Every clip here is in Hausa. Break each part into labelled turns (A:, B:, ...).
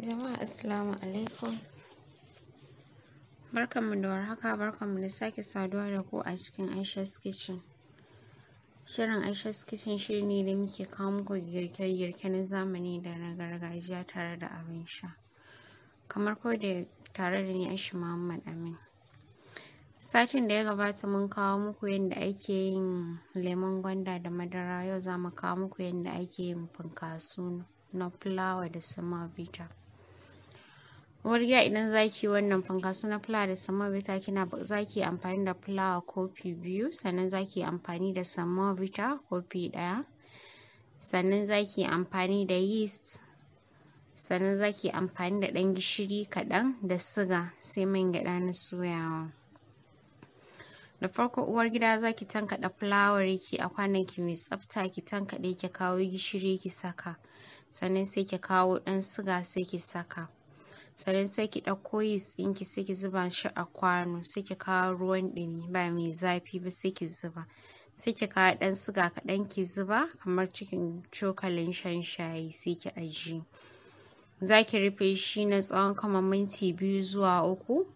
A: Jama'a assalamu alaikum barkanmu da warhaka barkanmu da sake saduwa da ku a cikin Aisha's kitchen shirin Aisha's kitchen shiri ne da muke kawo muku girke-girke na zamani da na gargajiya tare da abin sha kamar ko koda tare da ni Aisha Muhammad Amin satin da ya gabata mun kawo muku yadda ake yin lemon gwanda da madara yau za mu kawo muku yadda ake yin funkaso na fulawa da semobita uwar gida idan za ki yi wannan fanka na fula da samovita kina za ki amfani da fulawa kofi biyu sannan za ki amfani da samovita kofi ɗaya sannan za ki amfani da yeast sannan za ki amfani da ɗan gishiri kaɗan da siga sai man gyaɗa na soyawa da farko uwar gida za ki fulawar ki a kwanaki mai tsafta ki tankaɗe ki kawo gishiri ki saka sannan sai ki kawo ɗan siga sai ki saka sannan sai ki ɗauko yeast ɗinki sai ki zuba shi a kwano sai ki kawo ruwan ɗumi ba mai zafi ba sai ki zuba sai ki kawo ɗan suga kaɗan ki zuba kamar cikin cokalin shan shayi sai ki ajiye za ki rufe shi na tsawon kamar minti biyu zuwa uku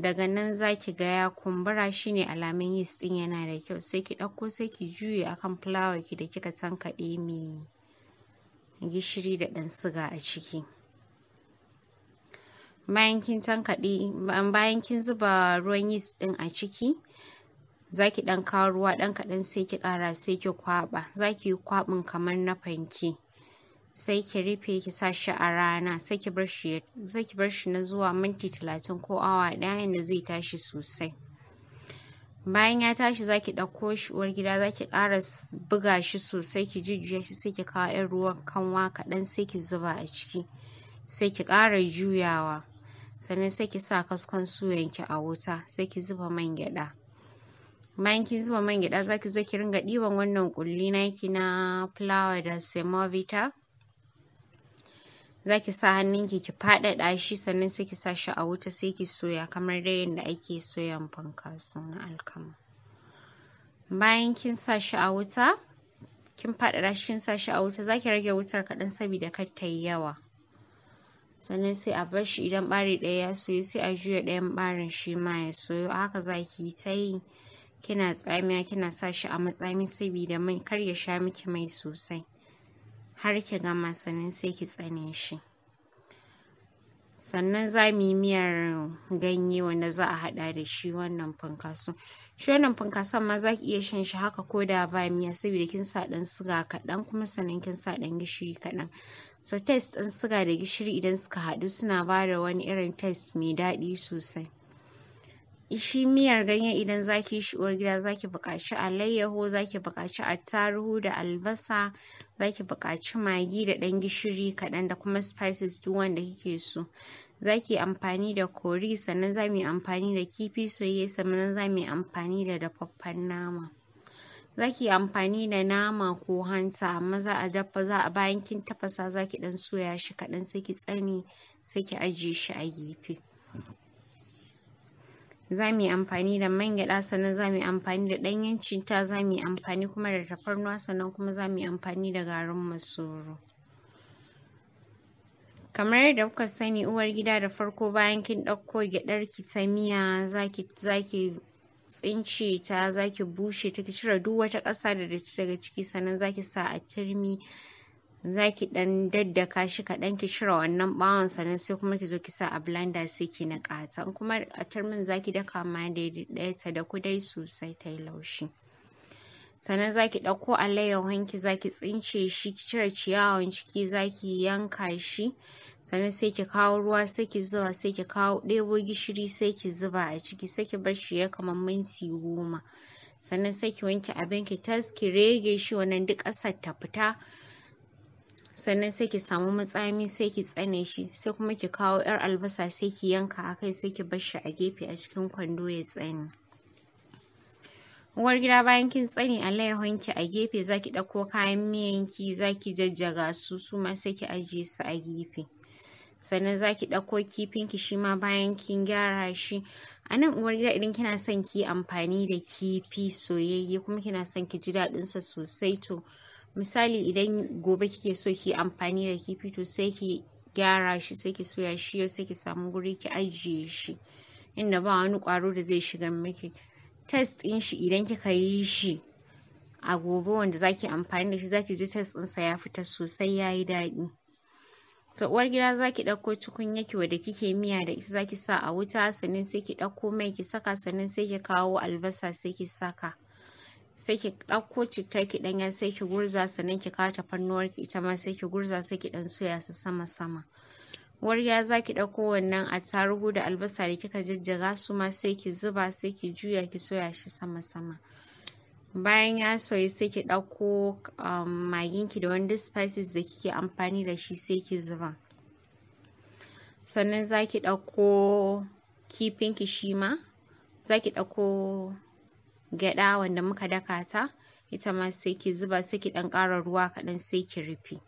A: daga nan za ki ga ya kumbura shine alamun yeast ɗin yana da kyau sai ki ɗauko sai ki juye akan fulawar ki da kika tankaɗe mai gishiri da ɗan suga a ciki bayan kin tankaɗe bayan kin zuba ruwan yeast ɗin a ciki za ki ɗan kawo ruwa ɗan kaɗan sai ki ƙara sai ki kwaɓa za ki yi kwaɓin kamar na fanke sai ki rufe ki sa shi a rana sai ki bar shi na zuwa minti talatin ko awa ɗaya yanda zai tashi sosai bayan ya tashi za ki ɗauko shi uwar gida za ki ƙara buga shi sosai ki jujjuya shi sai ki kawo 'yan ruwan kanwa kaɗan sai ki zuba a ciki sai ki ƙara juyawa sannan sai ki sa kaskon suyan a wuta sai ki zuba man gyada bayan kin zuba man gyada za ki zo ki ringa ɗiban wannan kulli naki na fulawa da semovita za ki sa hannunki ki faɗaɗa shi sannan sai ki sa shi a wuta sai ki soya kamar dai yadda ake soyan fankaso na alkama bayan kin sa shi a wuta kin faɗaɗa shi kin sa shi a wuta za ki rage wutar kaɗan sabida kar ta yi yawa sannan sai a bar shi idan ɓari ɗaya ya soyu sai a juya ɗayan ɓarin shi ma ya soyu haka za ki yi ta yi kina tsamiya kina sa shi a matsami sabida mai kar ya sha miki mai sosai har ki gama sannan sai ki tsane shi sannan za mu yi miyar ganye wanda za a haɗa da shi wannan funkaso shonan funkasan ma za ki iya shan shi haka ko da ba miya saboda kin sa ɗan siga kaɗan kuma sannan kin sa ɗan gishiri kaɗan so test ɗin siga da gishiri idan suka haɗu suna ba da wani irin test mai daɗi sosai shi miyar ganye idan za ki yi shi uwar gida za ki buƙaci alayyaho za ki buƙaci attaruhu da albasa za ki buƙaci magi da ɗan gishiri kaɗan da kuma spices duk wanda kike so za ki amfani da kori sannan za mu yi amfani da kifi soyayye sannan za mu yi amfani da dafaffen nama za ki yi amfani da nama ko hanta amma za a dafa za a bayan kin tafasa za ki ɗan soya shi kaɗan sai ki tsani sai ki ajiye shi a gefe za mu yi amfani da man gyaɗa sannan za mu yi amfani da ɗanyen citta za mu yi amfani kuma da tafarnuwa sannan kuma za mu yi amfani da garin masoro kamar yadda kuka sani uwar gida da farko bayan kin ɗauko gyaɗar ki ta miya zaki zaki tsince ta zaki bushe ta ki cire duk wata ƙasa da daga ciki sannan zaki sa a turmi zaki ɗan daddaka shi kaɗan ki cire wannan ɓawon sannan sai kuma ki zo ki sa a blender sai ki niƙa ta in kuma a turmin zaki daka ma daidai ɗaya ta daku dai sosai tayi laushi sannan zaki ɗauko alayyahun ki zaki tsince shi ki cire ciyawan ciki zaki yanka shi sannan sai ki kawo ruwa sai ki zuba sai ki kawo ɗebo gishiri sai ki zuba a ciki sai ki bar shi ya kamar minti goma sannan sai ki wanke abin ki tas ki rege shi wannan duk ƙasar ta fita sannan sai ki samu matsami sai ki tsane shi sai kuma ki kawo 'yar albasa sai ki yanka a kai sai ki bar shi a gefe a cikin kwando ya tsane uwar gida bayan kin tsane alayyahun ki a gefe zaki ɗauko kayan miyan ki zaki jajjaga su Suma ma sai ki ajiye su a gefe sannan zaki ɗauko kifinki ki shi ma bayan kin gyara shi a nan uwar gida idan kina son ki amfani da kifi soyayye kuma kina son ki ji daɗin sa sosai to misali idan gobe kike so ki amfani da kifi to sai ki gyara shi sai ki soya shi yau sai ki samu wuri, ki ajiye shi inda ba wani ƙwaro da zai shiga miki test ɗin shi idan kika yi shi a gobe wanda zaki amfani da shi zaki ji test sa ya fita sosai yayi daɗi to uwar gida zaki ɗauko tukunya ki wanda kike miya da ita zaki sa a wuta sannan sai ki ɗauko mai ki saka sannan sai ki kawo albasa sai ki saka sai ki ɗauko citta ki ɗanya sai ki gurza sannan ki kawo tafarnuwar ki ita ma sai ki gurza sai ki ɗan soya su sama sama Warya za ki ɗauko wannan attarugu da albasa da kika jajjaga su ma sai ki zuba sai ki juya ki soya shi sama-sama. Bayan ya soyu sai ki ɗauko um, maginki da wanda spices da kike amfani da shi sai ki zuba. Sannan za ki ɗauko kifinki shi ma, za ki ɗauko gyaɗa wanda muka daka ta, ita ma sai ki zuba sai ki ɗan ƙara ruwa kaɗan sai ki rufe.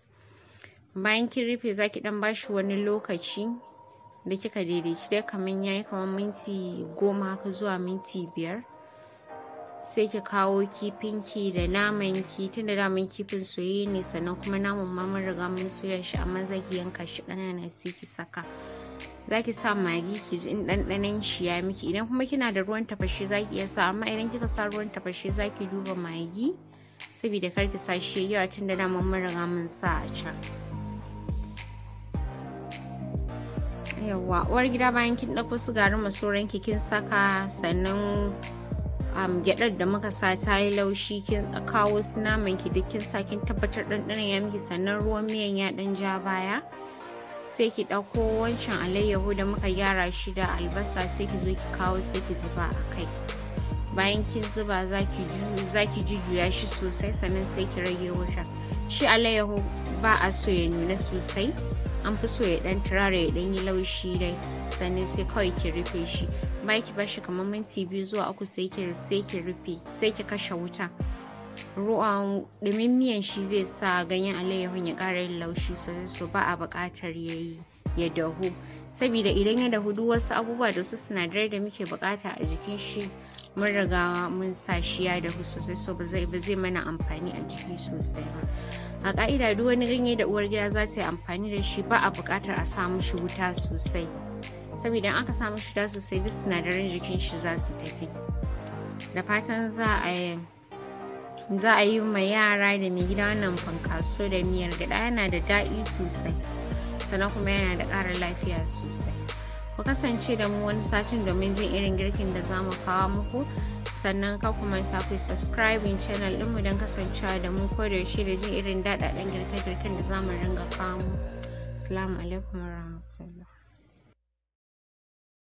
A: bayan kin rufe za ki dan bashi wani lokaci da kika daidaici dai kamar ya yi kamar minti goma haka zuwa minti biyar sai ki kawo kifinki da naman ki da daman kifin soyayye ne sannan kuma naman ma mun riga mun soya shi amma za ki yanka shi ƙanana sai ki saka za ki sa magi ki ji in shi ya miki idan kuma kina da ruwan tafashe za ki iya sa amma idan kika sa ruwan tafashe za ki duba magi saboda kar ki sa shi yawa tun da daman mun riga mun sa a can. yawa uwar gida bayan kin ɗauko su garin masoran ki kin saka sannan um, da muka sa ta yi laushi kin kawo su naman ki duk kin sa kin tabbatar ɗanɗanon ya miki sannan ruwan miyan ya ɗan ja baya sai ki ɗauko wancan alayyahu da muka gyara shi da albasa sai ki zo ki kawo sai ki zuba a kai bayan kin zuba za ki jujjuya shi sosai sannan sai ki rage wuta shi alayyahu ba a so ya nuna sosai an fi so ya dan turare ya dan yi laushi dai sannan sai kawai ki rufe shi ba ki bar shi kamar minti biyu zuwa uku sai ki sai ki rufe sai ki kashe wuta ruwan dumin miyan shi zai sa ganyen alayyahun ya kara yin laushi sosai so ba a buƙatar yayi ya dahu saboda idan ya dahu hudu wasu abubuwa da wasu sinadarai da muke bukata a jikin shi mun riga mun sa shi ya dahu sosai so ba zai mana amfani a jiki sosai ba a ka'ida duk wani ganye da uwar gida za ta yi amfani da shi ba a buƙatar a sa mishi wuta sosai saboda idan aka sa mishi wuta sosai duk sinadaran jikin shi za su tafi da fatan za a za a yi ma yara da mai gida wannan fankaso da miyar gyaɗa yana da daɗi sosai sannan kuma yana da ƙarin lafiya sosai ku kasance da mu wani satin domin jin irin girkin da za mu kawo muku sannan ka ku manta ku subscribing channel ɗinmu don kasancewa da mu ko da yaushe da jin irin daɗaɗɗen girke-girken da za mu ringa kawo mu. Assalamu alaikum warahmatullahi